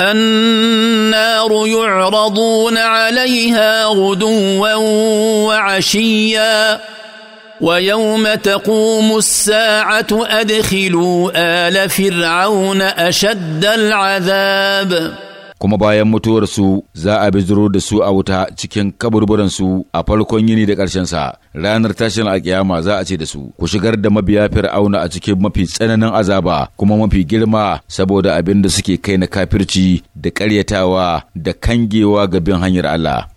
النار يعرضون عليها غدوا وعشيا ويوم تقوم الساعه ادخلوا ال فرعون اشد العذاب kuma bayan mutuwarsu za a bizuro da su a wuta cikin kaburburansu a farkon yini da ƙarshen sa ranar tashin alkiyama za a ce da su ku shigar da mabiya fir'auna a cikin mafi tsananin azaba kuma mafi girma saboda abin da suke kai na kafirci da ƙaryatawa da kangewa ga bin hanyar Allah